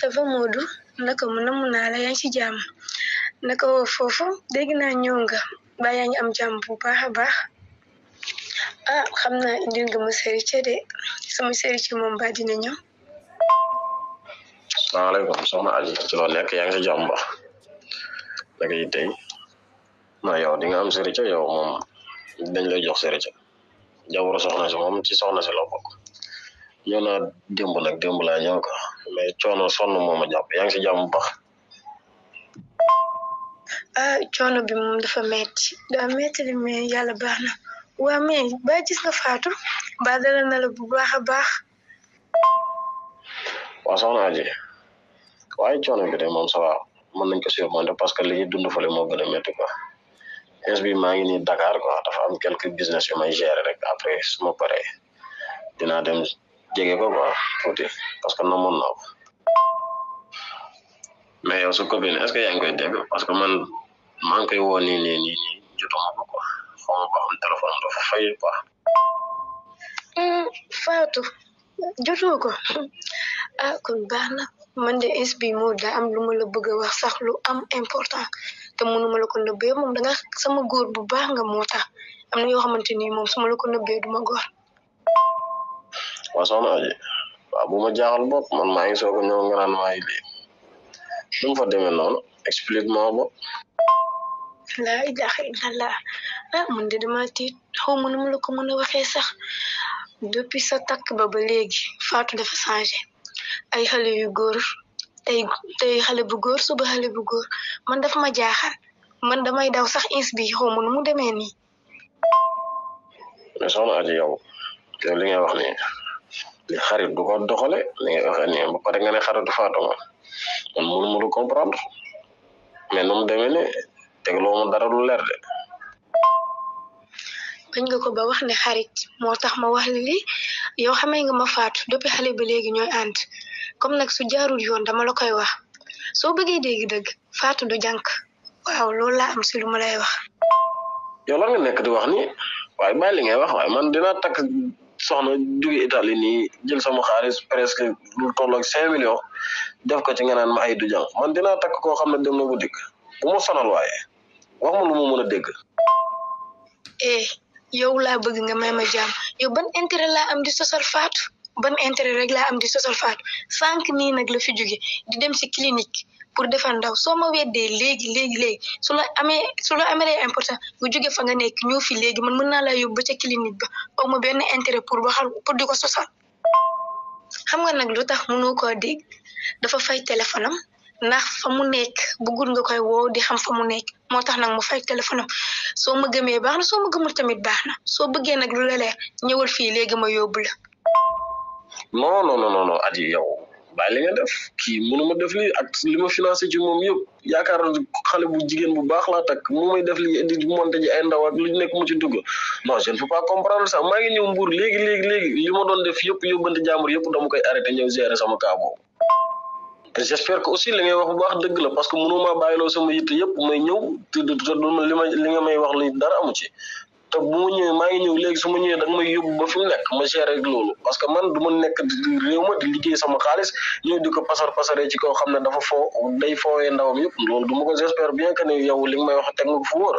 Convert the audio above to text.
ça va Modou naka mu namm naa la yaa ngi ci jàmm naka woo foofu dégg naa ñëw nga baa yaa ngi am jàmm bu baax a baax ah xam na indil nga ma sérice de sama sérice moom ba dina ñëw salaamaaleykum soxna Aliou ci nekk yaa ci jàmm ba naka yi tey ma yow di am sérice yow moom dañ lay jox sérice jawwara soxna si moom ci soxna si loo yàlla démb nag démb laa ñëw ko mais coono sonn moo ma jàpp yaa ngi si jàmm bu baax. Ah, coono bi moom dafa metti daa metti li mais yàlla baax na waa mais ba gis nga Fatou na la bu baax a baax. waaw soxna ji waaye coono bi de moom ça va mën nañ ko surmonter parce que li ñuy dund fële moo gën a métti quoi bi maa ngi nii Dakar quoi dafa am quelques business yu may rek après suma ma paree dem. jege ko quoi tuuti parce que namoon naa ko mais yow sa copine est ce que yaa koy dégg parce que man maa ngi koy woo nii nii nii nii ko hmm, ko ah kon baax na man de es bi moo am lu ma la bëgg a wax sax lu am important te mënuma la ko nëbbee moom da nga sama góor bu baax nga moo tax am na yoo xamante ni moom su ma la ko nëbbee duma góor. ma soxna aje waaw bu ma jaaxal bopp man maa ngi soog a ñëw nga naan maa ngi lii nu mu fa demee noonu explique ma bopp laa ilaaha illallah ah mun de dama tiit ma nu mu la ko mën a waxee sax depuis sa takk ba ba léegi Fatou dafa changé ay xale yu góor tey xale bu góor suba xale bu góor man dafa ma jaaxal man damay daw sax ins bi mu demee nii mais soxna aji yow yow li wax nii li xarit du ko doxale li nga waxe ne ba pare nga ne xarit du faatu ma man mënu mënu comprendre mais nu mu demee ne tegloo mu dara lu leer de bañ nga ko ba wax ne xarit moo tax ma wax li yow xamee nga ma faatu depuis xale ba léegi ñooy ànd comme nag su jaarul yoon dama la koy wax soo bëggee dégg dëgg faatu du jànk waaw loolu laa am si lu ma lay wax yow lan nga nekk di wax ni waaye bàyyi li ngay wax waaye man dinaa takk soxna jóge Italie nii jël sama xaalis presque lu tolloog cinq millions def ko ci nga ay du jàng man dinaa takk koo xam ne dem na bu dikk bu ma sonal waaye wax ma lu mu mën a dégg. eh yow laa bëgg nga may ma jàmm yow ban intérêt laa am di sosal faatu ban intérêt rek laa am di sosal faatu sànq nii nag la fi jóge di dem si clinique. pour defar ndaw soo ma weddee léegi léegi léegi su la amee su la amee important nga jóge fa nga nekk ñëw fi léegi man mën naa laa yóbbu ba ca clinique ba aw ma benn intérêt pour ba pour di ko sosal xam nga nag lu tax mënoo koo dégg dafa fay téléphone am ndax fa mu nekk bëggul nga koy woo di xam fa mu nekk moo tax nag mu fay téléphone am soo ma gëmee baax na soo ma gëmul tamit baax na soo bëggee nag lu la leer ñëwal fii léegi ma yóbbu la. non non Adji yow. bàyyi li nga def kii ma def li ak li ma financé ci moom yëpp yaakaar xale bu jigéen bu baax laa takk mu may def li indi monté ji ay ndaw ak lu nekk mu ci dugg non je ne peux pas comprendre ça maa ngi ñëw mbuur léegi léegi léegi li ma doon def yëpp yóbbante jàmbur yëpp dama koy arrêté ñëw gérer sama cas boobu j'espère que aussi li ngay wax bu baax dëgg la parce que munu mënuma bàyyiloo sama yitte yëpp may ñëw te li ma li nga may wax li dara amu ci te bu ma ñëwee maa ngi ñëw léegi su ma ñëwee may yóbbu ba fi mu nekk ma gérer ak parce que man du ma nekk di réew ma di liggéey sama xaalis ñëw di ko pasar pasare ci koo xam ne dafa foo day foowee ndawam yëpp loolu du ma ko j'espère bien que ne yow li nga may wax teg nga ko fu wóor